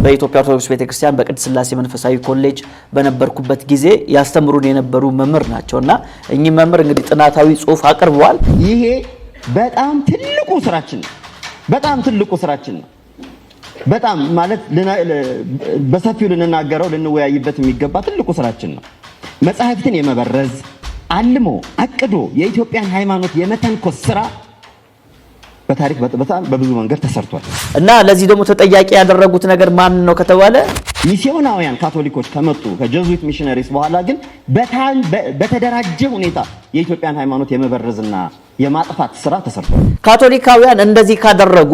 በኢትዮጵያ ኦርቶዶክስ ቤተክርስቲያን በቅድስት ስላሴ መንፈሳዊ ኮሌጅ በነበርኩበት ጊዜ ያስተምሩን የነበሩ መምህር ናቸው እና እኚህ መምህር እንግዲህ ጥናታዊ ጽሑፍ አቅርበዋል። ይሄ በጣም ትልቁ ስራችን ነው። በጣም ትልቁ ስራችን ነው። በጣም ማለት በሰፊው ልንናገረው ልንወያይበት የሚገባ ትልቁ ስራችን ነው። መጽሐፍትን የመበረዝ አልሞ አቅዶ የኢትዮጵያን ሃይማኖት የመተንኮስ ስራ በታሪክ በጣም በብዙ መንገድ ተሰርቷል እና ለዚህ ደግሞ ተጠያቂ ያደረጉት ነገር ማን ነው ከተባለ ሚስዮናውያን ካቶሊኮች ከመጡ ከጀዙዊት ሚሽነሪስ በኋላ ግን በተደራጀ ሁኔታ የኢትዮጵያን ሃይማኖት የመበረዝና የማጥፋት ስራ ተሰርቷል። ካቶሊካውያን እንደዚህ ካደረጉ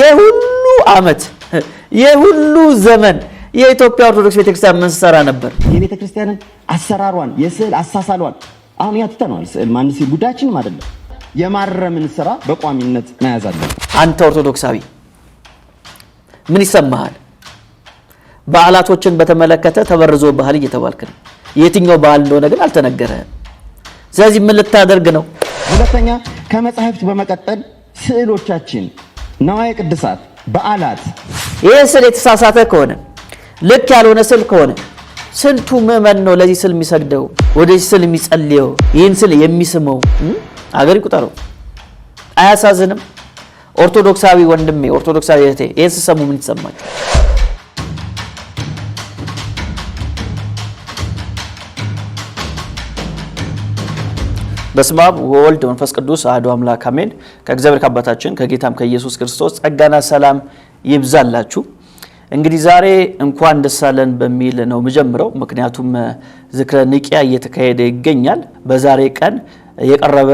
የሁሉ ዓመት የሁሉ ዘመን የኢትዮጵያ ኦርቶዶክስ ቤተክርስቲያን ምን ስትሰራ ነበር? የቤተክርስቲያንን አሰራሯን የስዕል አሳሳሏን አሁን ያ ስዕል ማን ሲል ጉዳያችንም አይደለም። የማረምን ስራ በቋሚነት መያዝ አንተ ኦርቶዶክሳዊ ምን ይሰማሃል? በዓላቶችን በተመለከተ ተበርዞ ባህል እየተባልክ ነው። የትኛው ባህል እንደሆነ ግን አልተነገረህም። ስለዚህ ምን ልታደርግ ነው? ሁለተኛ ከመጽሐፍት በመቀጠል ስዕሎቻችን ነዋየ ቅድሳት በዓላት ይህ ስል የተሳሳተ ከሆነ ልክ ያልሆነ ስል ከሆነ ስንቱ ምዕመን ነው ለዚህ ስል የሚሰግደው ወደዚህ ስል የሚጸልየው ይህን ስል የሚስመው? አገር ይቁጠረው። አያሳዝንም? ኦርቶዶክሳዊ ወንድሜ፣ ኦርቶዶክሳዊ እህቴ ይህን ስሰሙ ምን ይሰማቸው? በስመ አብ ወወልድ መንፈስ ቅዱስ አሐዱ አምላክ አሜን። ከእግዚአብሔር ከአባታችን ከጌታም ከኢየሱስ ክርስቶስ ጸጋና ሰላም ይብዛላችሁ። እንግዲህ ዛሬ እንኳን ደስ አለን በሚል ነው የምጀምረው። ምክንያቱም ዝክረ ኒቂያ እየተካሄደ ይገኛል። በዛሬ ቀን የቀረበ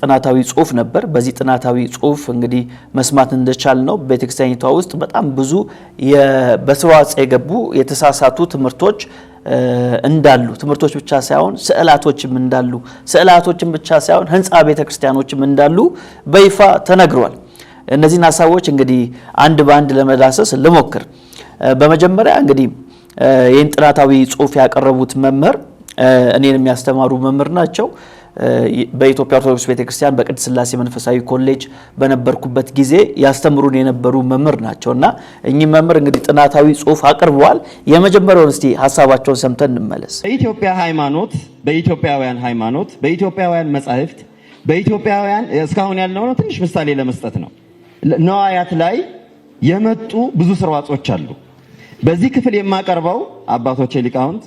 ጥናታዊ ጽሁፍ ነበር። በዚህ ጥናታዊ ጽሁፍ እንግዲህ መስማት እንደቻል ነው ቤተክርስቲያኒቷ ውስጥ በጣም ብዙ በስዋጽ የገቡ የተሳሳቱ ትምህርቶች እንዳሉ ትምህርቶች ብቻ ሳይሆን ስዕላቶችም እንዳሉ ስዕላቶችም ብቻ ሳይሆን ህንፃ ቤተ ክርስቲያኖችም እንዳሉ በይፋ ተነግሯል። እነዚህን ሀሳቦች እንግዲህ አንድ በአንድ ለመዳሰስ ልሞክር። በመጀመሪያ እንግዲህ ይህን ጥናታዊ ጽሁፍ ያቀረቡት መምህር እኔን የሚያስተማሩ መምህር ናቸው። በኢትዮጵያ ኦርቶዶክስ ቤተክርስቲያን በቅድስት ስላሴ መንፈሳዊ ኮሌጅ በነበርኩበት ጊዜ ያስተምሩን የነበሩ መምህር ናቸው እና እኚህ መምህር እንግዲህ ጥናታዊ ጽሁፍ አቅርበዋል። የመጀመሪያውን እስቲ ሀሳባቸውን ሰምተን እንመለስ። በኢትዮጵያ ሃይማኖት፣ በኢትዮጵያውያን ሃይማኖት፣ በኢትዮጵያውያን መጻሕፍት፣ በኢትዮጵያውያን እስካሁን ያልነው ነው። ትንሽ ምሳሌ ለመስጠት ነው። ነዋያት ላይ የመጡ ብዙ ስርዋጾች አሉ። በዚህ ክፍል የማቀርበው አባቶቼ ሊቃውንት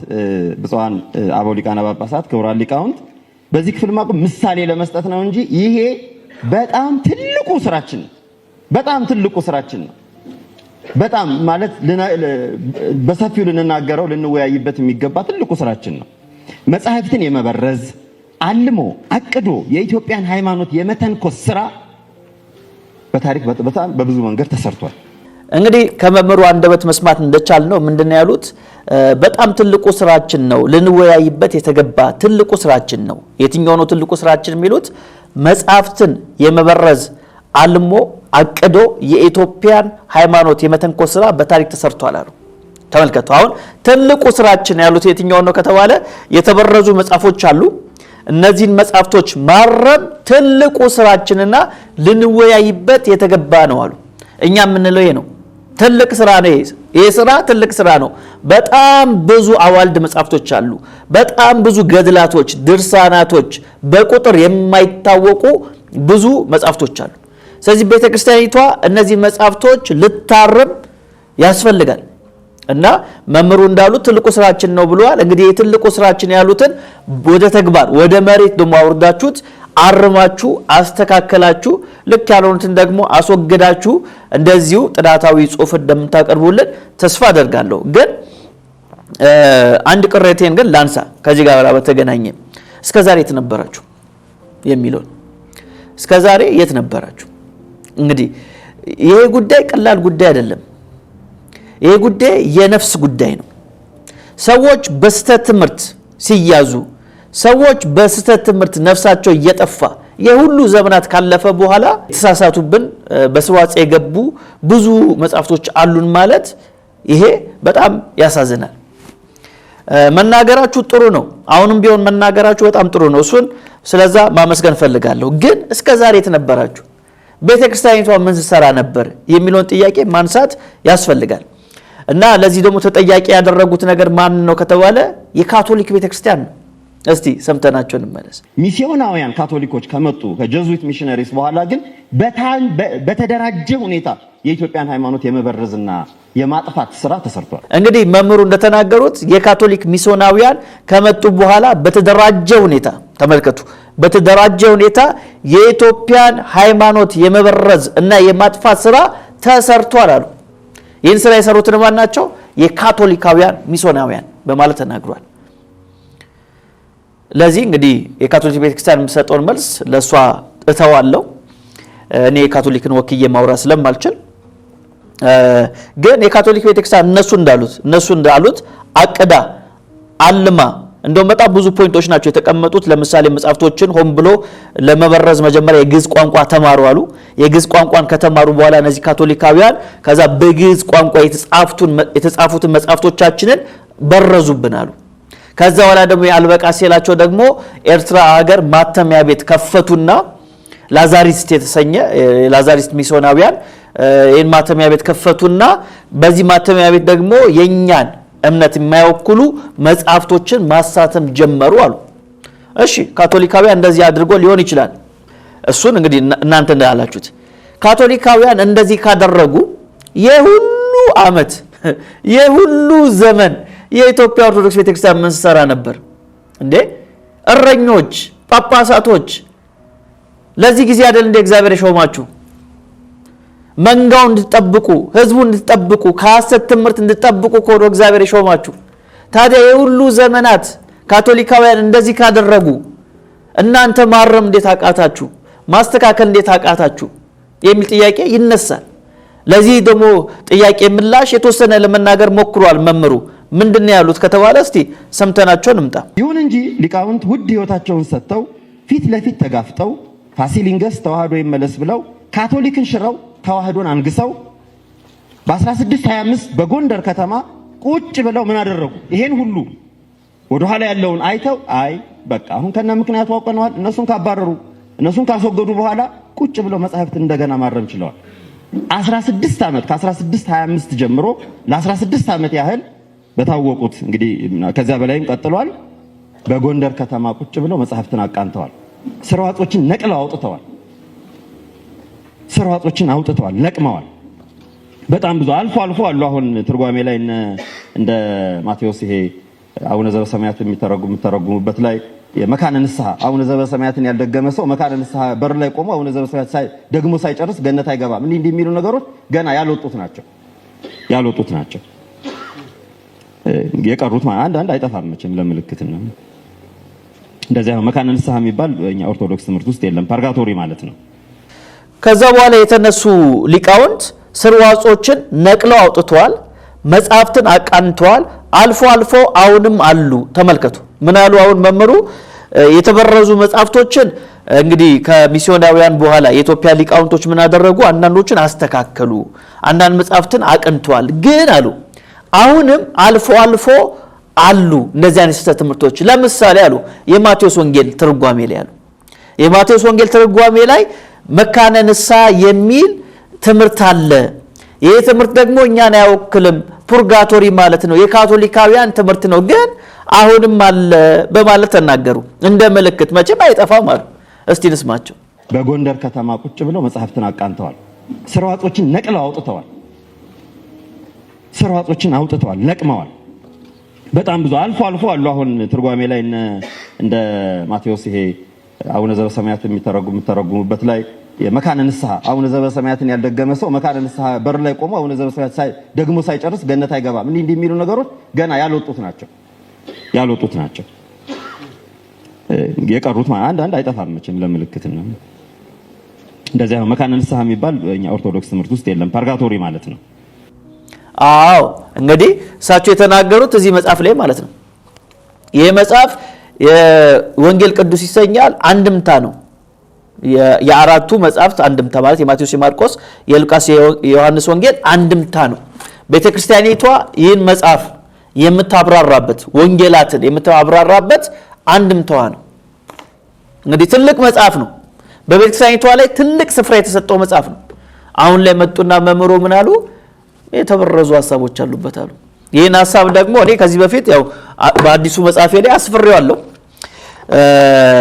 ብፁዓን አበው ሊቃነ ጳጳሳት ክቡራን ሊቃውንት በዚህ ክፍል ማቆም ምሳሌ ለመስጠት ነው እንጂ ይሄ በጣም ትልቁ ስራችን ነው። በጣም ትልቁ ስራችን ነው። በጣም ማለት በሰፊው ልንናገረው ልንወያይበት የሚገባ ትልቁ ስራችን ነው። መጽሐፍትን የመበረዝ አልሞ አቅዶ የኢትዮጵያን ሃይማኖት የመተንኮስ ስራ በታሪክ በጣም በብዙ መንገድ ተሰርቷል። እንግዲህ ከመምህሩ አንደበት መስማት እንደቻል ነው ምንድን ያሉት በጣም ትልቁ ስራችን ነው፣ ልንወያይበት የተገባ ትልቁ ስራችን ነው። የትኛው ነው ትልቁ ስራችን የሚሉት መጽሐፍትን የመበረዝ አልሞ አቅዶ የኢትዮጵያን ሃይማኖት የመተንኮ ስራ በታሪክ ተሰርቷል አሉ። ተመልከቱ። አሁን ትልቁ ስራችን ያሉት የትኛው ነው ከተባለ የተበረዙ መጽሐፎች አሉ። እነዚህን መጽሐፍቶች ማረም ትልቁ ስራችንና ልንወያይበት የተገባ ነው አሉ። እኛ የምንለው ይሄ ነው። ትልቅ ስራ ነው። ይሄ ስራ ትልቅ ስራ ነው። በጣም ብዙ አዋልድ መጻሕፍቶች አሉ። በጣም ብዙ ገድላቶች፣ ድርሳናቶች በቁጥር የማይታወቁ ብዙ መጻሕፍቶች አሉ። ስለዚህ ቤተ ክርስቲያኒቷ እነዚህ መጻሕፍቶች ልታርም ያስፈልጋል እና መምህሩ እንዳሉት ትልቁ ስራችን ነው ብለዋል። እንግዲህ የትልቁ ስራችን ያሉትን ወደ ተግባር ወደ መሬት ደሞ አውርዳችሁት አርማችሁ አስተካከላችሁ፣ ልክ ያልሆኑትን ደግሞ አስወግዳችሁ እንደዚሁ ጥናታዊ ጽሁፍ እንደምታቀርቡልን ተስፋ አደርጋለሁ። ግን አንድ ቅሬቴን ግን ላንሳ ከዚህ ጋር በተገናኘ እስከዛሬ የት ነበራችሁ የሚለውን እስከዛሬ የት ነበራችሁ? እንግዲህ ይሄ ጉዳይ ቀላል ጉዳይ አይደለም። ይሄ ጉዳይ የነፍስ ጉዳይ ነው። ሰዎች በስተ ትምህርት ሲያዙ ሰዎች በስህተት ትምህርት ነፍሳቸው እየጠፋ የሁሉ ዘመናት ካለፈ በኋላ የተሳሳቱብን በስዋጽ የገቡ ብዙ መጽሐፍቶች አሉን ማለት ይሄ በጣም ያሳዝናል። መናገራችሁ ጥሩ ነው። አሁንም ቢሆን መናገራችሁ በጣም ጥሩ ነው። እሱን ስለዛ ማመስገን ፈልጋለሁ። ግን እስከ ዛሬ የተነበራችሁ ቤተ ክርስቲያኒቷ ምን ስሰራ ነበር የሚለውን ጥያቄ ማንሳት ያስፈልጋል እና ለዚህ ደግሞ ተጠያቂ ያደረጉት ነገር ማን ነው ከተባለ የካቶሊክ ቤተ ክርስቲያን ነው። እስቲ ሰምተናቸው እንመለስ። ሚስዮናውያን ካቶሊኮች ከመጡ ከጀዙዊት ሚሽነሪስ በኋላ ግን በተደራጀ ሁኔታ የኢትዮጵያን ሃይማኖት የመበረዝና የማጥፋት ስራ ተሰርቷል። እንግዲህ መምህሩ እንደተናገሩት የካቶሊክ ሚስዮናውያን ከመጡ በኋላ በተደራጀ ሁኔታ ተመልከቱ፣ በተደራጀ ሁኔታ የኢትዮጵያን ሃይማኖት የመበረዝ እና የማጥፋት ስራ ተሰርቷል አሉ። ይህን ስራ የሰሩትን ማን ናቸው? የካቶሊካውያን ሚስዮናውያን በማለት ተናግሯል። ለዚህ እንግዲህ የካቶሊክ ቤተክርስቲያን የምሰጠውን መልስ ለእሷ እተዋለው። እኔ የካቶሊክን ወክዬ ማውራት ስለማልችል ግን የካቶሊክ ቤተክርስቲያን እነሱ እንዳሉት እነሱ እንዳሉት አቅዳ አልማ እንደውም በጣም ብዙ ፖይንቶች ናቸው የተቀመጡት። ለምሳሌ መጽሐፍቶችን ሆን ብሎ ለመበረዝ መጀመሪያ የግዝ ቋንቋ ተማሩ አሉ። የግዝ ቋንቋን ከተማሩ በኋላ እነዚህ ካቶሊካውያን ከዛ በግዝ ቋንቋ የተጻፉትን መጽሐፍቶቻችንን በረዙብን አሉ። ከዛ በኋላ ደግሞ የአልበቃ ሲላቸው ደግሞ ኤርትራ ሀገር ማተሚያ ቤት ከፈቱና ላዛሪስት የተሰኘ ላዛሪስት ሚስዮናውያን ይህን ማተሚያ ቤት ከፈቱና በዚህ ማተሚያ ቤት ደግሞ የእኛን እምነት የማይወክሉ መጽሐፍቶችን ማሳተም ጀመሩ አሉ። እሺ ካቶሊካውያን እንደዚህ አድርጎ ሊሆን ይችላል። እሱን እንግዲህ እናንተ እንዳላችሁት ካቶሊካውያን እንደዚህ ካደረጉ የሁሉ ዓመት የሁሉ ዘመን የኢትዮጵያ ኦርቶዶክስ ቤተክርስቲያን ምን ነበር እንዴ? እረኞች፣ ጳጳሳቶች ለዚህ ጊዜ አይደል እንደ እግዚአብሔር የሾማችሁ መንጋው እንድትጠብቁ፣ ህዝቡ እንድትጠብቁ፣ ከሐሰት ትምህርት እንድትጠብቁ ከሆነ እግዚአብሔር የሾማችሁ። ታዲያ የሁሉ ዘመናት ካቶሊካውያን እንደዚህ ካደረጉ እናንተ ማረም እንዴት አቃታችሁ? ማስተካከል እንዴት አቃታችሁ? የሚል ጥያቄ ይነሳል። ለዚህ ደግሞ ጥያቄ ምላሽ የተወሰነ ለመናገር ሞክሯል መምሩ። ምንድን ነው ያሉት ከተባለ እስቲ ሰምተናቸው እንምጣ። ይሁን እንጂ ሊቃውንት ውድ ሕይወታቸውን ሰጥተው ፊት ለፊት ተጋፍጠው ፋሲሊንገስ ተዋህዶ ይመለስ ብለው ካቶሊክን ሽረው ተዋህዶን አንግሰው በ1625 በጎንደር ከተማ ቁጭ ብለው ምን አደረጉ? ይሄን ሁሉ ወደኋላ ያለውን አይተው አይ በቃ አሁን ከነ ምክንያቱ አውቀነዋል። እነሱን ካባረሩ እነሱን ካስወገዱ በኋላ ቁጭ ብለው መጽሐፍት እንደገና ማረም ችለዋል። 16 ዓመት ከ1625 ጀምሮ ለ16 ዓመት ያህል በታወቁት እንግዲህ ከዚያ በላይም ቀጥሏል። በጎንደር ከተማ ቁጭ ብለው መጽሐፍትን አቃንተዋል። ስርዋጾችን ነቅለው አውጥተዋል። ስርዋጾችን አውጥተዋል፣ ነቅመዋል። በጣም ብዙ አልፎ አልፎ አሉ። አሁን ትርጓሜ ላይ እንደ ማቴዎስ ይሄ አቡነ ዘበሰማያት የሚተረጉሙበት ላይ መካነ ንስሐ አቡነ ሰማያትን ያልደገመ ሰው መካነ ንስሐ በር ላይ ቆሞ አቡነ ዘበሰማያት ደግሞ ሳይጨርስ ገነት አይገባም። እንዲህ እንዲህ የሚሉ ነገሮች ገና ያልወጡት ናቸው ያልወጡት ናቸው። የቀሩት አንድ አንድ አይጠፋም መቼም ለምልክት ነው። እንደዚያ ነው። መካነ ንስሐ የሚባል እኛ ኦርቶዶክስ ትምህርት ውስጥ የለም። ፐርጋቶሪ ማለት ነው። ከዛ በኋላ የተነሱ ሊቃውንት ስርዋጾችን ነቅለው አውጥተዋል። መጽሐፍትን አቃንተዋል። አልፎ አልፎ አሁንም አሉ። ተመልከቱ ምን አሉ? አሁን መምህሩ የተበረዙ መጽሐፍቶችን እንግዲህ ከሚስዮናውያን በኋላ የኢትዮጵያ ሊቃውንቶች ምን አደረጉ? አንዳንዶችን አስተካከሉ፣ አንዳንድ መጽሐፍትን አቅንተዋል። ግን አሉ አሁንም አልፎ አልፎ አሉ እንደዚህ አይነት ስህተት ትምህርቶች። ለምሳሌ አሉ የማቴዎስ ወንጌል ትርጓሜ ላይ አሉ የማቴዎስ ወንጌል ትርጓሜ ላይ መካነ የሚል ትምህርት አለ። ይህ ትምህርት ደግሞ እኛን አይወክልም ፑርጋቶሪ ማለት ነው፣ የካቶሊካውያን ትምህርት ነው፣ ግን አሁንም አለ በማለት ተናገሩ። እንደ ምልክት መቼም አይጠፋም አሉ። እስቲ ንስማቸው በጎንደር ከተማ ቁጭ ብለው መጽሐፍትን አቃንተዋል፣ ስርዋጾችን ነቅለው አውጥተዋል። ሰርዋጾችን አውጥተዋል፣ ለቅመዋል። በጣም ብዙ አልፎ አልፎ አሉ። አሁን ትርጓሜ ላይ እንደ ማቴዎስ ይሄ አቡነ ዘበሰማያት የሚተረጉሙበት ላይ መካነ ንስሐ አቡነ ሰማያትን ያልደገመ ሰው መካነ ንስሐ በር ላይ ቆሞ አቡነ ሳይ ደግሞ ሳይጨርስ ገነት አይገባም። እንዲህ እንዲህ የሚሉ ነገሮች ገና ያልወጡት ናቸው ያልወጡት ናቸው። የቀሩት አንድ አንድ አይጠፋም መቼም ለምልክትና እንደዚያ መካነ ንስሐ የሚባል እኛ ኦርቶዶክስ ትምህርት ውስጥ የለም። ፐርጋቶሪ ማለት ነው። አዎ እንግዲህ እሳቸው የተናገሩት እዚህ መጽሐፍ ላይ ማለት ነው። ይህ መጽሐፍ የወንጌል ቅዱስ ይሰኛል። አንድምታ ነው። የአራቱ መጽሐፍት አንድምታ ማለት የማቴዎስ፣ የማርቆስ፣ የሉቃስ፣ የዮሐንስ ወንጌል አንድምታ ነው። ቤተ ክርስቲያኒቷ ይህን መጽሐፍ የምታብራራበት ወንጌላትን የምታብራራበት አንድምታዋ ነው። እንግዲህ ትልቅ መጽሐፍ ነው። በቤተ ክርስቲያኒቷ ላይ ትልቅ ስፍራ የተሰጠው መጽሐፍ ነው። አሁን ላይ መጡና ምን ምናሉ የተበረዙ ሀሳቦች አሉበት አሉ። ይህን ሀሳብ ደግሞ እኔ ከዚህ በፊት ያው በአዲሱ መጽሐፌ ላይ አስፍሬዋለሁ።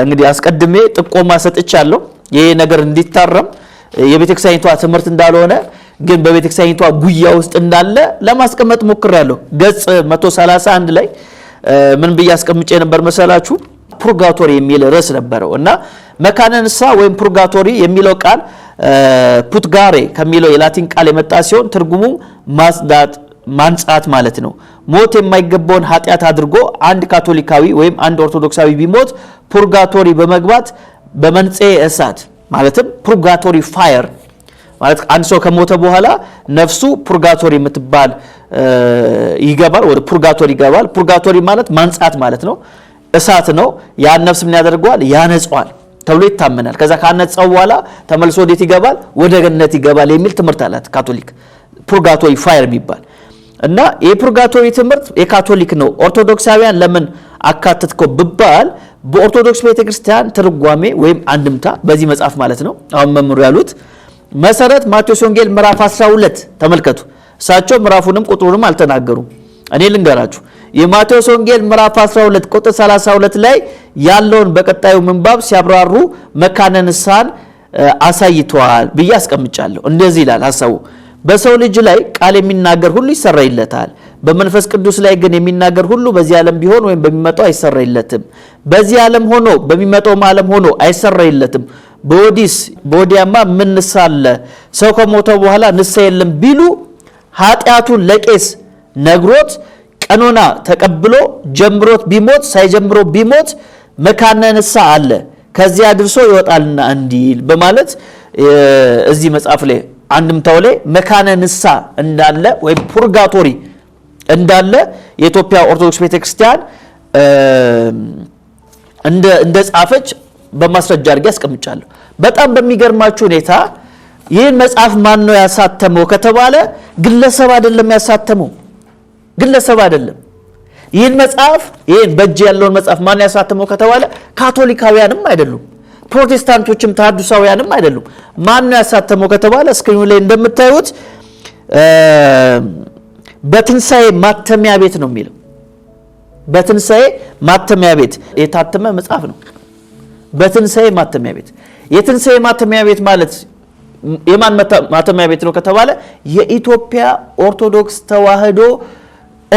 እንግዲህ አስቀድሜ ጥቆማ ሰጥቻለሁ። ይሄ ነገር እንዲታረም የቤተክርስቲያኒቷ ትምህርት እንዳልሆነ ግን በቤተክርስቲያኒቷ ጉያ ውስጥ እንዳለ ለማስቀመጥ ሞክሬያለሁ። ገጽ 131 ላይ ምን ብዬ አስቀምጬ ነበር መሰላችሁ? ፑርጋቶሪ የሚል ርዕስ ነበረው እና መካነ ንስሐ ወይም ፑርጋቶሪ የሚለው ቃል ፑትጋሬ ከሚለው የላቲን ቃል የመጣ ሲሆን ትርጉሙ ማጽዳት ማንጻት ማለት ነው። ሞት የማይገባውን ኃጢአት አድርጎ አንድ ካቶሊካዊ ወይም አንድ ኦርቶዶክሳዊ ቢሞት ፑርጋቶሪ በመግባት በመንጽኤ እሳት ማለትም ፑርጋቶሪ ፋየር ማለት አንድ ሰው ከሞተ በኋላ ነፍሱ ፑርጋቶሪ የምትባል ይገባል፣ ወደ ፑርጋቶሪ ይገባል። ፑርጋቶሪ ማለት ማንጻት ማለት ነው፣ እሳት ነው። ያን ነፍስ ምን ያደርገዋል? ያነጸዋል። ተብሎ ይታመናል። ከዛ ካነጻው በኋላ ተመልሶ ወዴት ይገባል? ወደ ገነት ይገባል የሚል ትምህርት አላት ካቶሊክ። ፑርጋቶሪ ፋየር የሚባል እና የፑርጋቶሪ ትምህርት የካቶሊክ ነው። ኦርቶዶክሳውያን ለምን አካተትከው ብባል በኦርቶዶክስ ቤተክርስቲያን ትርጓሜ ወይም አንድምታ በዚህ መጽሐፍ ማለት ነው አሁን መምሩ ያሉት መሰረት ማቴዎስ ወንጌል ምዕራፍ 12 ተመልከቱ። እሳቸው ምዕራፉንም ቁጥሩንም አልተናገሩም። እኔ ልንገራችሁ የማቴዎስ ወንጌል ምዕራፍ 12 ቁጥር 32 ላይ ያለውን በቀጣዩ ምንባብ ሲያብራሩ መካነ ንስሐን አሳይተዋል ብዬ አስቀምጫለሁ። እንደዚህ ይላል ሀሳቡ በሰው ልጅ ላይ ቃል የሚናገር ሁሉ ይሰረይለታል። በመንፈስ ቅዱስ ላይ ግን የሚናገር ሁሉ በዚህ ዓለም ቢሆን ወይም በሚመጣው አይሰረይለትም። በዚህ ዓለም ሆኖ በሚመጣውም ዓለም ሆኖ አይሰረይለትም። በወዲስ በወዲያማ ምን ንስሐ አለ? ሰው ከሞተ በኋላ ንስሐ የለም ቢሉ ኃጢአቱን ለቄስ ነግሮት ቀኖና ተቀብሎ ጀምሮት ቢሞት ሳይጀምሮ ቢሞት መካነ ንስሐ አለ ከዚያ ድርሶ ይወጣልና እንዲል በማለት እዚህ መጽሐፍ ላይ አንድምታው ላይ መካነ ንስሐ እንዳለ ወይም ፑርጋቶሪ እንዳለ የኢትዮጵያ ኦርቶዶክስ ቤተክርስቲያን እንደ ጻፈች በማስረጃ አድርጌ አስቀምጫለሁ። በጣም በሚገርማችሁ ሁኔታ ይህን መጽሐፍ ማን ነው ያሳተመው ከተባለ ግለሰብ አይደለም ያሳተመው ግለሰብ አይደለም። ይህን መጽሐፍ ይህን በእጅ ያለውን መጽሐፍ ማን ያሳተመው ከተባለ ካቶሊካውያንም አይደሉም፣ ፕሮቴስታንቶችም ታዱሳውያንም አይደሉም። ማን ያሳተመው ከተባለ እስክሪኑ ላይ እንደምታዩት በትንሣኤ ማተሚያ ቤት ነው የሚለው። በትንሣኤ ማተሚያ ቤት የታተመ መጽሐፍ ነው። በትንሣኤ ማተሚያ ቤት የትንሣኤ ማተሚያ ቤት ማለት የማን ማተሚያ ቤት ነው ከተባለ የኢትዮጵያ ኦርቶዶክስ ተዋህዶ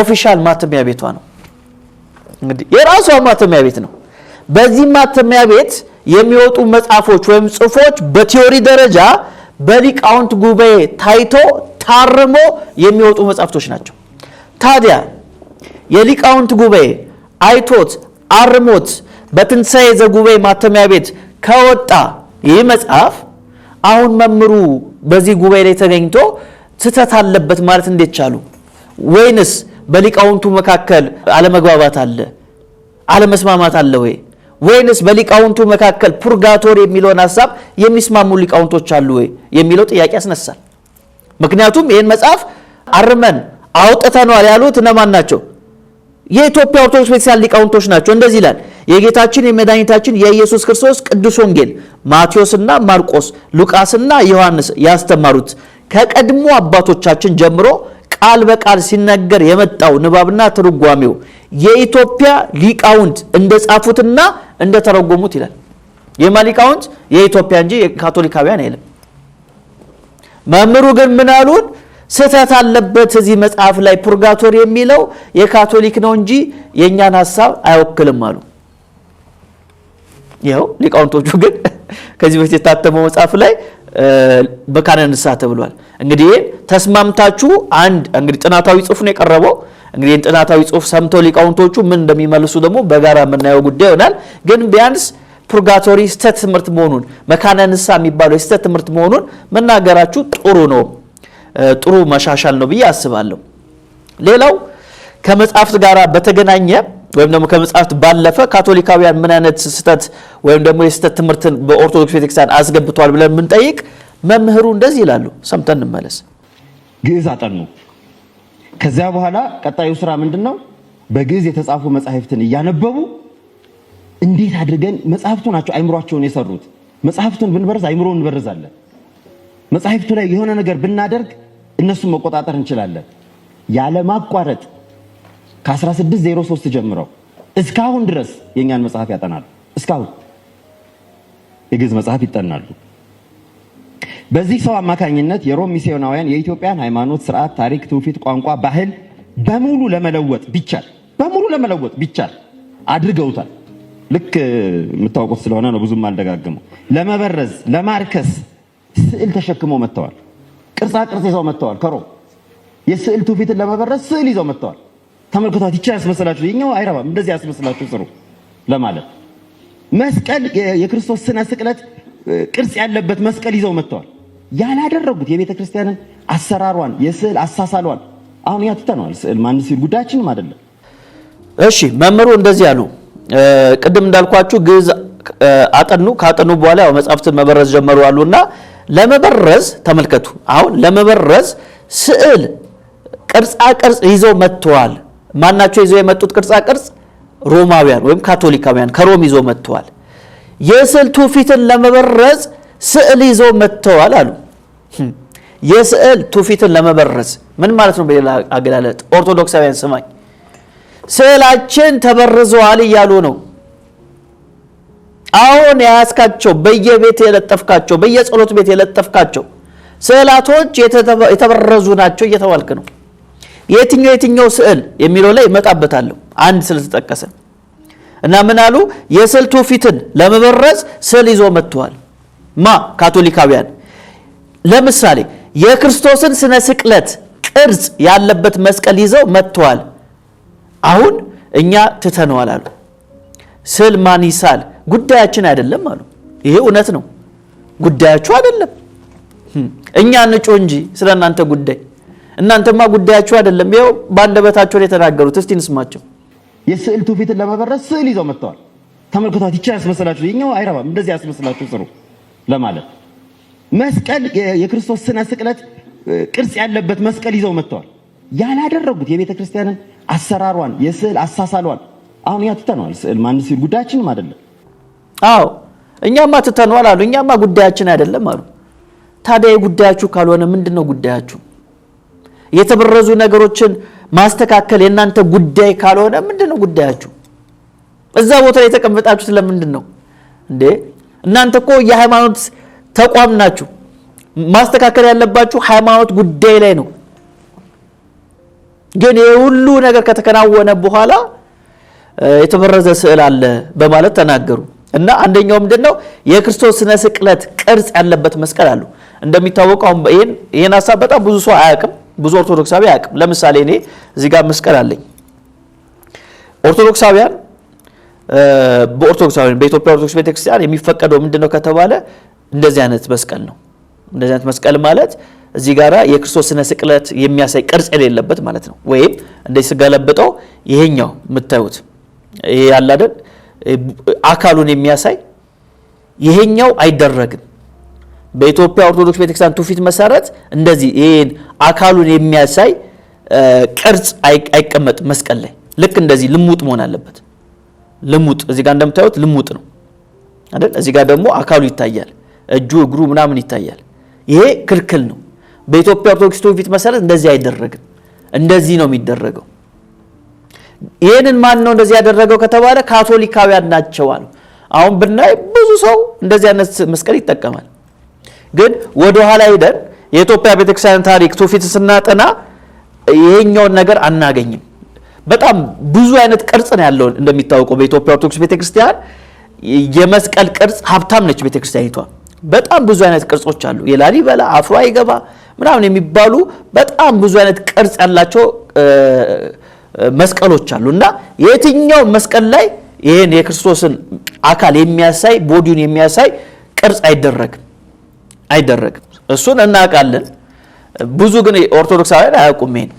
ኦፊሻል ማተሚያ ቤቷ ነው። እንግዲህ የራሷ ማተሚያ ቤት ነው። በዚህ ማተሚያ ቤት የሚወጡ መጽሐፎች ወይም ጽፎች በቲዮሪ ደረጃ በሊቃውንት ጉባኤ ታይቶ ታርሞ የሚወጡ መጽሐፍቶች ናቸው። ታዲያ የሊቃውንት ጉባኤ አይቶት አርሞት በትንሣኤ ዘጉባኤ ማተሚያ ቤት ከወጣ ይህ መጽሐፍ አሁን መምሩ በዚህ ጉባኤ ላይ ተገኝቶ ስህተት አለበት ማለት እንዴት ቻሉ? ወይንስ በሊቃውንቱ መካከል አለመግባባት አለ፣ አለመስማማት አለ ወይ? ወይንስ በሊቃውንቱ መካከል ፑርጋቶር የሚለውን ሀሳብ የሚስማሙ ሊቃውንቶች አሉ ወይ የሚለው ጥያቄ ያስነሳል። ምክንያቱም ይህን መጽሐፍ አርመን አውጥተነዋል ያሉት እነማን ናቸው? የኢትዮጵያ ኦርቶዶክስ ቤተክርስቲያን ሊቃውንቶች ናቸው። እንደዚህ ይላል የጌታችን የመድኃኒታችን የኢየሱስ ክርስቶስ ቅዱስ ወንጌል ማቴዎስና ማርቆስ ሉቃስና ዮሐንስ ያስተማሩት ከቀድሞ አባቶቻችን ጀምሮ ቃል በቃል ሲናገር የመጣው ንባብና ትርጓሜው የኢትዮጵያ ሊቃውንት እንደ ጻፉትና እንደ ተረጎሙት ይላል። የማ ሊቃውንት የኢትዮጵያ እንጂ የካቶሊካውያን አይልም። መምህሩ ግን ምናሉን አሉን? ስህተት አለበት እዚህ መጽሐፍ ላይ ፑርጋቶሪ የሚለው የካቶሊክ ነው እንጂ የእኛን ሀሳብ አይወክልም አሉ። ይኸው ሊቃውንቶቹ ግን ከዚህ በፊት የታተመው መጽሐፍ ላይ በካህነ ንስሐ ተብሏል። እንግዲህ ተስማምታችሁ አንድ እንግዲህ ጥናታዊ ጽሑፍ ነው የቀረበው። እንግዲህ ጥናታዊ ጽሑፍ ሰምተው ሊቃውንቶቹ ምን እንደሚመልሱ ደግሞ በጋራ የምናየው ጉዳይ ይሆናል። ግን ቢያንስ ፑርጋቶሪ ስተት ትምህርት መሆኑን መካነ ንስሐ የሚባለው የስተት ትምህርት መሆኑን መናገራችሁ ጥሩ ነው፣ ጥሩ መሻሻል ነው ብዬ አስባለሁ። ሌላው ከመጽሐፍት ጋር በተገናኘ ወይም ደግሞ ከመጽሐፍት ባለፈ ካቶሊካውያን ምን አይነት ስህተት ወይም ደግሞ የስህተት ትምህርትን በኦርቶዶክስ ቤተክርስቲያን አስገብተዋል ብለን ምንጠይቅ መምህሩ እንደዚህ ይላሉ። ሰምተን እንመለስ። ግዕዝ አጠኑ። ከዚያ በኋላ ቀጣዩ ስራ ምንድን ነው? በግዕዝ የተጻፉ መጽሐፍትን እያነበቡ እንዴት አድርገን መጽሐፍቱ ናቸው አይምሯቸውን የሰሩት። መጽሐፍቱን ብንበርዝ አይምሮ እንበርዛለን። መጽሐፍቱ ላይ የሆነ ነገር ብናደርግ እነሱን መቆጣጠር እንችላለን። ያለማቋረጥ ከ1603 ጀምረው እስካሁን ድረስ የእኛን መጽሐፍ ያጠናሉ። እስካሁን የግዕዝ መጽሐፍ ይጠናሉ። በዚህ ሰው አማካኝነት የሮም ሚስዮናውያን የኢትዮጵያን ሃይማኖት፣ ስርዓት፣ ታሪክ፣ ትውፊት፣ ቋንቋ፣ ባህል በሙሉ ለመለወጥ ቢቻል በሙሉ ለመለወጥ ቢቻል አድርገውታል። ልክ የምታውቁት ስለሆነ ነው ብዙም አልደጋግመው። ለመበረዝ ለማርከስ ስዕል ተሸክመው መጥተዋል። ቅርጻ ቅርጽ ይዘው መጥተዋል። ከሮም የስዕል ትውፊትን ለመበረዝ ስዕል ይዘው መጥተዋል። ተመልክቷት ይቺ ያስመስላችሁ የኛው አይረባም፣ እንደዚህ ያስመስላችሁ ስሩ ለማለት መስቀል የክርስቶስ ስነ ስቅለት ቅርጽ ያለበት መስቀል ይዘው መጥተዋል። ያላደረጉት የቤተ ክርስቲያንን አሰራሯን የስዕል አሳሳሏን አሁን ያ ትተነዋል። ስዕል ማን ሲል ጉዳያችንም አይደለም። እሺ መምህሩ እንደዚህ ያሉ ቅድም እንዳልኳችሁ ግዕዝ አጠኑ። ካጠኑ በኋላ ያው መጻሕፍትን መበረዝ ጀመሩ አሉና ለመበረዝ ተመልከቱ። አሁን ለመበረዝ ስዕል ቅርጻ ቅርጽ ይዘው መጥተዋል። ማናቸው ይዘው የመጡት ቅርጻ ቅርጽ ሮማውያን ወይም ካቶሊካውያን ከሮም ይዘው መጥተዋል። የስዕል ትውፊትን ለመበረዝ ስዕል ይዘው መጥተዋል አሉ። hm። የስዕል ትውፊትን ለመበረዝ ምን ማለት ነው? በሌላ አገላለጥ ኦርቶዶክሳውያን ስማኝ፣ ስዕላችን ተበርዘዋል እያሉ ነው። አሁን የያዝካቸው በየቤት የለጠፍካቸው በየጸሎት ቤት የለጠፍካቸው ስዕላቶች የተበረዙ ናቸው እየተባልክ ነው። የትኛው የትኛው ስዕል የሚለው ላይ እመጣበታለሁ። አንድ ስል ተጠቀሰ እና ምን አሉ? የስዕል ትውፊትን ለመበረዝ ስዕል ይዞ መጥተዋል። ማ ካቶሊካውያን ለምሳሌ የክርስቶስን ስነ ስቅለት ቅርጽ ያለበት መስቀል ይዘው መጥተዋል። አሁን እኛ ትተነዋል አሉ። ስዕል ማን ይሳል ጉዳያችን አይደለም አሉ። ይሄ እውነት ነው፣ ጉዳያችሁ አይደለም። እኛ ንጩ እንጂ ስለ እናንተ ጉዳይ እናንተማ ጉዳያችሁ አይደለም። ይኸው ላይ የተናገሩት እስቲ እንስማቸው። የስዕል ትውፊትን ለመበረዝ ስዕል ይዘው መጥተዋል። ተመልክቷት ይቻ ያስመስላችሁ ይኛው አይረባም፣ እንደዚህ ያስመስላችሁ ስሩ ለማለት መስቀል የክርስቶስ ስነ ስቅለት ቅርጽ ያለበት መስቀል ይዘው መጥተዋል። ያላደረጉት የቤተ ክርስቲያንን አሰራሯን የስዕል አሳሳሏን አሁን ያ ትተነዋል። ስዕል ማን ሲል ጉዳያችንም አይደለም። አዎ እኛማ ትተነዋል አሉ። እኛማ ጉዳያችን አይደለም አሉ። ታዲያ የጉዳያችሁ ካልሆነ ምንድን ነው ጉዳያችሁ? የተበረዙ ነገሮችን ማስተካከል የእናንተ ጉዳይ ካልሆነ ምንድን ነው ጉዳያችሁ? እዛ ቦታ ላይ የተቀመጣችሁት ለምንድን ነው እንዴ? እናንተ እኮ የሃይማኖት ተቋም ናችሁ። ማስተካከል ያለባችሁ ሃይማኖት ጉዳይ ላይ ነው። ግን የሁሉ ነገር ከተከናወነ በኋላ የተበረዘ ስዕል አለ በማለት ተናገሩ እና አንደኛው ምንድን ነው የክርስቶስ ስነ ስቅለት ቅርጽ ያለበት መስቀል አሉ። እንደሚታወቀው አሁን ይህን ሀሳብ በጣም ብዙ ሰው አያውቅም፣ ብዙ ኦርቶዶክሳዊ አያውቅም። ለምሳሌ እኔ እዚህ ጋር መስቀል አለኝ። ኦርቶዶክሳውያን በኦርቶዶክሳውያን በኢትዮጵያ ኦርቶዶክስ ቤተክርስቲያን የሚፈቀደው ምንድነው ከተባለ እንደዚህ አይነት መስቀል ነው። እንደዚህ አይነት መስቀል ማለት እዚህ ጋራ የክርስቶስ ስነ ስቅለት የሚያሳይ ቅርጽ የሌለበት ማለት ነው። ወይም እንደዚህ ስገለብጠው ይሄኛው የምታዩት ይሄ አላደል አካሉን የሚያሳይ ይሄኛው አይደረግም። በኢትዮጵያ ኦርቶዶክስ ቤተክርስቲያን ትውፊት መሰረት እንደዚህ ይህን አካሉን የሚያሳይ ቅርጽ አይቀመጥም መስቀል ላይ። ልክ እንደዚህ ልሙጥ መሆን አለበት። ልሙጥ እዚህ ጋር እንደምታዩት ልሙጥ ነው አይደል? እዚህ ጋር ደግሞ አካሉ ይታያል፣ እጁ እግሩ ምናምን ይታያል። ይሄ ክልክል ነው። በኢትዮጵያ ኦርቶዶክስ ትውፊት መሰረት እንደዚህ አይደረግም። እንደዚህ ነው የሚደረገው። ይህንን ማን ነው እንደዚህ ያደረገው ከተባለ ካቶሊካውያን ናቸው አሉ። አሁን ብናይ ብዙ ሰው እንደዚህ አይነት መስቀል ይጠቀማል። ግን ወደ ኋላ ሄደን የኢትዮጵያ ቤተክርስቲያን ታሪክ ትውፊት ስናጠና ይሄኛውን ነገር አናገኝም። በጣም ብዙ አይነት ቅርጽ ነው ያለው። እንደሚታወቀው በኢትዮጵያ ኦርቶዶክስ ቤተክርስቲያን የመስቀል ቅርጽ ሀብታም ነች ቤተክርስቲያኒቷ። በጣም ብዙ አይነት ቅርጾች አሉ። የላሊበላ አፍሮ አይገባ ምናምን የሚባሉ በጣም ብዙ አይነት ቅርጽ ያላቸው መስቀሎች አሉ እና የትኛው መስቀል ላይ ይህን የክርስቶስን አካል የሚያሳይ ቦዲውን የሚያሳይ ቅርጽ አይደረግም። አይደረግም። እሱን እናውቃለን። ብዙ ግን ኦርቶዶክሳውያን አያውቁም ይሄን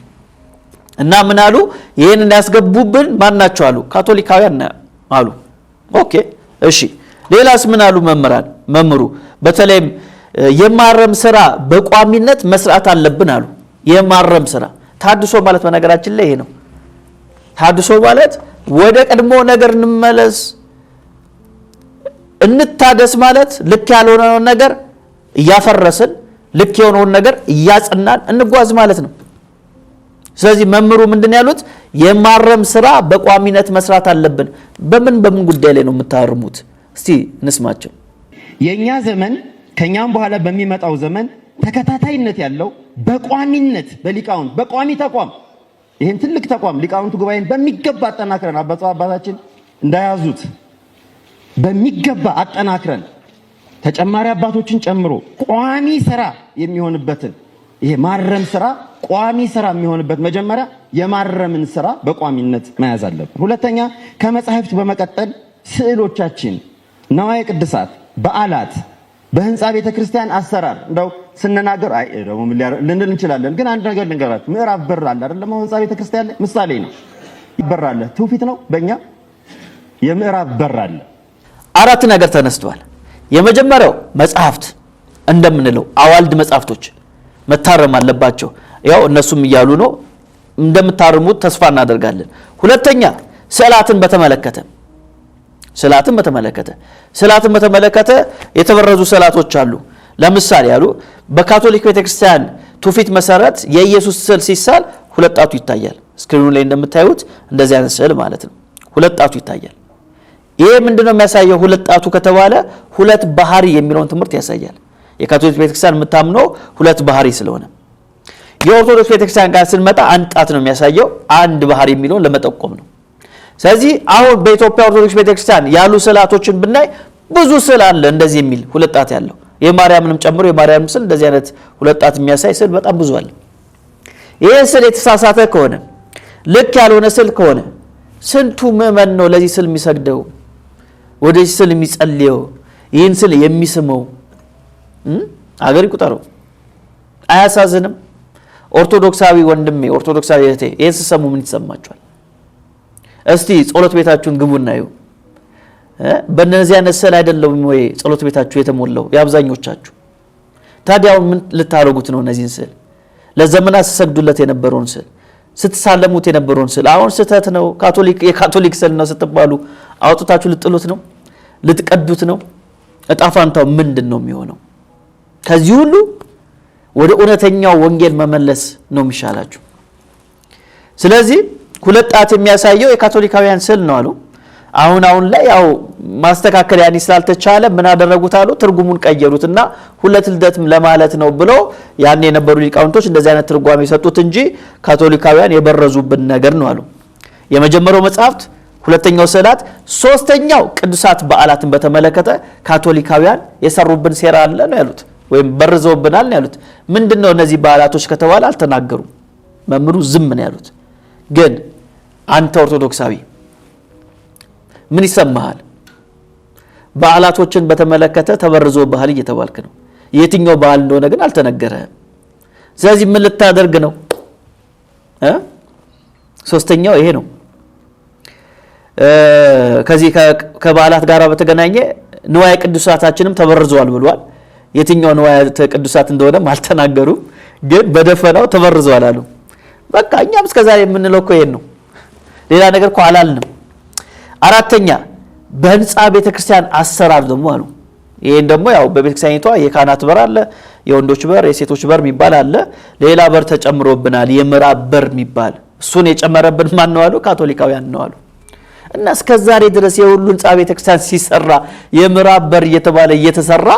እና ምን አሉ? ይህንን ያስገቡብን ማን ናቸው አሉ። ካቶሊካውያን አሉ። ኦኬ እሺ። ሌላስ ምን አሉ መምህራን? መምሩ በተለይም የማረም ስራ በቋሚነት መስራት አለብን አሉ። የማረም ስራ ታድሶ ማለት በነገራችን ላይ ይሄ ነው። ታድሶ ማለት ወደ ቀድሞ ነገር እንመለስ፣ እንታደስ ማለት ልክ ያልሆነ ነገር እያፈረስን ልክ የሆነውን ነገር እያጸናን እንጓዝ ማለት ነው። ስለዚህ መምህሩ ምንድን ያሉት የማረም ስራ በቋሚነት መስራት አለብን። በምን በምን ጉዳይ ላይ ነው የምታርሙት? እስቲ እንስማቸው። የእኛ ዘመን ከእኛም በኋላ በሚመጣው ዘመን ተከታታይነት ያለው በቋሚነት በሊቃውንት በቋሚ ተቋም ይህን ትልቅ ተቋም ሊቃውንት ጉባኤን በሚገባ አጠናክረን አባታችን እንዳያዙት በሚገባ አጠናክረን ተጨማሪ አባቶችን ጨምሮ ቋሚ ስራ የሚሆንበትን ይሄ ማረም ስራ ቋሚ ስራ የሚሆንበት መጀመሪያ የማረምን ስራ በቋሚነት መያዝ አለብን። ሁለተኛ ከመጻሕፍት በመቀጠል ስዕሎቻችን፣ ነዋየ ቅድሳት፣ በዓላት በህንፃ ቤተ ክርስቲያን አሰራር እንደው ስንናገር ደግሞ ልንል እንችላለን። ግን አንድ ነገር ልንገራችሁ። ምዕራፍ በር አለ አይደለም? ህንፃ ቤተ ክርስቲያን ምሳሌ ነው። ይበራለ ትውፊት ነው። በእኛ የምዕራፍ በር አለ። አራት ነገር ተነስቷል። የመጀመሪያው መጽሐፍት እንደምንለው አዋልድ መጽሐፍቶች መታረም አለባቸው። ያው እነሱም እያሉ ነው እንደምታርሙት ተስፋ እናደርጋለን። ሁለተኛ ስዕላትን በተመለከተ ስዕላትን በተመለከተ ስዕላትን በተመለከተ የተበረዙ ስዕላቶች አሉ። ለምሳሌ ያሉ በካቶሊክ ቤተክርስቲያን ትውፊት መሰረት የኢየሱስ ስዕል ሲሳል ሁለት ጣቱ ይታያል። ስክሪኑ ላይ እንደምታዩት እንደዚህ አይነት ስዕል ማለት ነው። ሁለት ጣቱ ይታያል። ይሄ ምንድነው የሚያሳየው? ሁለት ጣቱ ከተባለ ሁለት ባህሪ የሚለውን ትምህርት ያሳያል። የካቶሊክ ቤተክርስቲያን የምታምነው ሁለት ባህሪ ስለሆነ የኦርቶዶክስ ቤተክርስቲያን ጋር ስንመጣ አንድ ጣት ነው የሚያሳየው፣ አንድ ባህሪ የሚለውን ለመጠቆም ነው። ስለዚህ አሁን በኢትዮጵያ ኦርቶዶክስ ቤተክርስቲያን ያሉ ስዕላቶችን ብናይ ብዙ ስዕል አለ እንደዚህ የሚል ሁለት ጣት ያለው የማርያምንም ጨምሮ የማርያም ስዕል እንደዚህ አይነት ሁለት ጣት የሚያሳይ ስዕል በጣም ብዙ አለ። ይህ ስዕል የተሳሳተ ከሆነ ልክ ያልሆነ ስዕል ከሆነ ስንቱ ምዕመን ነው ለዚህ ስዕል የሚሰግደው? ወደዚህ ስል የሚጸልየው ይህን ስል የሚስመው አገር ይቁጠሩ አያሳዝንም? ኦርቶዶክሳዊ ወንድሜ፣ ኦርቶዶክሳዊ እህቴ ይህን ስሰሙ ምን ይሰማቸዋል? እስቲ ጸሎት ቤታችሁን ግቡ እናዩ በእነዚህ አይነት ስዕል አይደለም ወይ ጸሎት ቤታችሁ የተሞላው የአብዛኞቻችሁ? ታዲያውን ምን ልታደርጉት ነው? እነዚህን ስል? ለዘመናት ስሰግዱለት የነበረውን ስል ስትሳለሙት የነበረውን ስል አሁን ስህተት ነው፣ የካቶሊክ ስል ነው ስትባሉ አውጥታችሁ ልጥሉት ነው? ልትቀዱት ነው? እጣፋንታው ምንድን ነው የሚሆነው? ከዚህ ሁሉ ወደ እውነተኛው ወንጌል መመለስ ነው የሚሻላችሁ። ስለዚህ ሁለት ጣት የሚያሳየው የካቶሊካውያን ስዕል ነው አሉ። አሁን አሁን ላይ ያው ማስተካከል ያኔ ስላልተቻለ ምን አደረጉት አሉ፣ ትርጉሙን ቀየሩት እና ሁለት ልደት ለማለት ነው ብሎ ያኔ የነበሩ ሊቃውንቶች እንደዚህ አይነት ትርጓሜ የሰጡት እንጂ ካቶሊካውያን የበረዙብን ነገር ነው አሉ። የመጀመሪያው መጽሐፍት ሁለተኛው ስዕላት። ሶስተኛው ቅዱሳት በዓላትን በተመለከተ ካቶሊካውያን የሰሩብን ሴራ አለ ነው ያሉት፣ ወይም በርዘውብናል ነው ያሉት። ምንድን ነው እነዚህ በዓላቶች ከተባለ አልተናገሩም። መምሩ ዝም ነው ያሉት። ግን አንተ ኦርቶዶክሳዊ ምን ይሰማሃል? በዓላቶችን በተመለከተ ተበርዞ ባህል እየተባልክ ነው። የትኛው ባህል እንደሆነ ግን አልተነገረህም። ስለዚህ ምን ልታደርግ ነው? ሶስተኛው ይሄ ነው። ከዚህ ከበዓላት ጋር በተገናኘ ንዋየ ቅዱሳታችንም ተበርዘዋል ብሏል። የትኛው ንዋየ ቅዱሳት እንደሆነም አልተናገሩም፣ ግን በደፈናው ተበርዘዋል አሉ። በቃ እኛም እስከዛሬ የምንለው እኮ ይሄን ነው። ሌላ ነገር እኮ አላልንም። አራተኛ በህንፃ ቤተ ክርስቲያን አሰራር ደግሞ አሉ። ይህን ደግሞ ያው በቤተክርስቲያኒቷ የካህናት በር አለ፣ የወንዶች በር፣ የሴቶች በር የሚባል አለ። ሌላ በር ተጨምሮብናል፣ የምዕራብ በር የሚባል እሱን የጨመረብን ማን ነው አሉ? ካቶሊካውያን ነው አሉ። እና እስከ ዛሬ ድረስ የሁሉ ህንፃ ቤተክርስቲያን ሲሰራ የምዕራብ በር እየተባለ እየተሰራ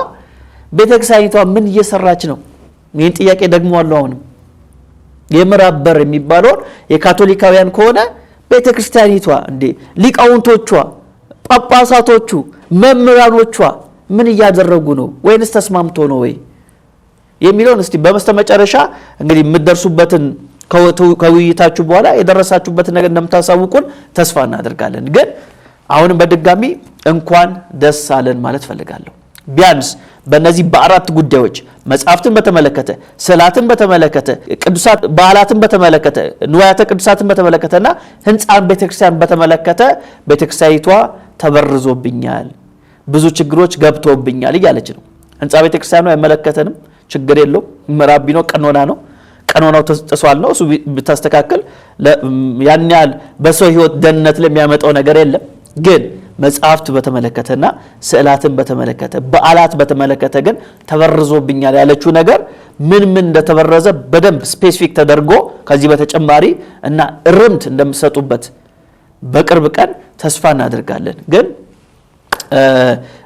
ቤተክርስቲያኒቷ ምን እየሰራች ነው? ይህን ጥያቄ ደግሞ አለው። አሁንም የምዕራብ በር የሚባለውን የካቶሊካውያን ከሆነ ቤተክርስቲያኒቷ እንዴ ሊቃውንቶቿ፣ ጳጳሳቶቹ፣ መምህራኖቿ ምን እያደረጉ ነው? ወይንስ ተስማምቶ ነው ወይ የሚለውን እስቲ በመስተመጨረሻ እንግዲህ የምደርሱበትን ከውይይታችሁ በኋላ የደረሳችሁበት ነገር እንደምታሳውቁን ተስፋ እናደርጋለን። ግን አሁንም በድጋሚ እንኳን ደስ አለን ማለት ፈልጋለሁ። ቢያንስ በእነዚህ በአራት ጉዳዮች መጽሐፍትን በተመለከተ፣ ስዕላትን በተመለከተ፣ ቅዱሳት በዓላትን በተመለከተ፣ ንዋያተ ቅዱሳትን በተመለከተና ህንፃን ቤተክርስቲያን በተመለከተ ቤተክርስቲያኒቷ ተበርዞብኛል፣ ብዙ ችግሮች ገብቶብኛል እያለች ነው። ቤተክርስቲያን ቤተክርስቲያኗ አይመለከተንም፣ ችግር የለው ምራቢ ነው ቀኖና ነው ቀኖናው ጥሷል ነው። እሱ ብታስተካከል ያን ያህል በሰው ህይወት ደህንነት ለሚያመጣው ነገር የለም። ግን መጽሐፍት በተመለከተና ስዕላትን በተመለከተ በዓላት በተመለከተ ግን ተበርዞብኛል ያለችው ነገር ምን ምን እንደተበረዘ በደንብ ስፔሲፊክ ተደርጎ ከዚህ በተጨማሪ እና እርምት እንደምትሰጡበት በቅርብ ቀን ተስፋ እናደርጋለን ግን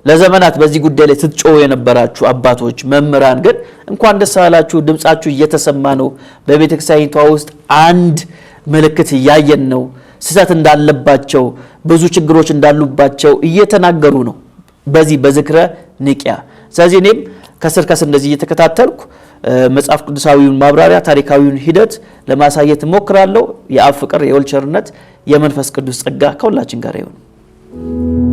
ለዘመናት በዚህ ጉዳይ ላይ ስትጮው የነበራችሁ አባቶች፣ መምህራን ግን እንኳን ደስ አላችሁ፣ ድምፃችሁ እየተሰማ ነው። በቤተ ክርስቲያኒቷ ውስጥ አንድ ምልክት እያየን ነው። ስህተት እንዳለባቸው ብዙ ችግሮች እንዳሉባቸው እየተናገሩ ነው በዚህ በዝክረ ኒቂያ። ስለዚህ እኔም ከስር ከስር እንደዚህ እየተከታተልኩ መጽሐፍ ቅዱሳዊውን ማብራሪያ ታሪካዊውን ሂደት ለማሳየት እሞክራለሁ። የአብ ፍቅር፣ የወልድ ቸርነት፣ የመንፈስ ቅዱስ ጸጋ ከሁላችን ጋር ይሁን።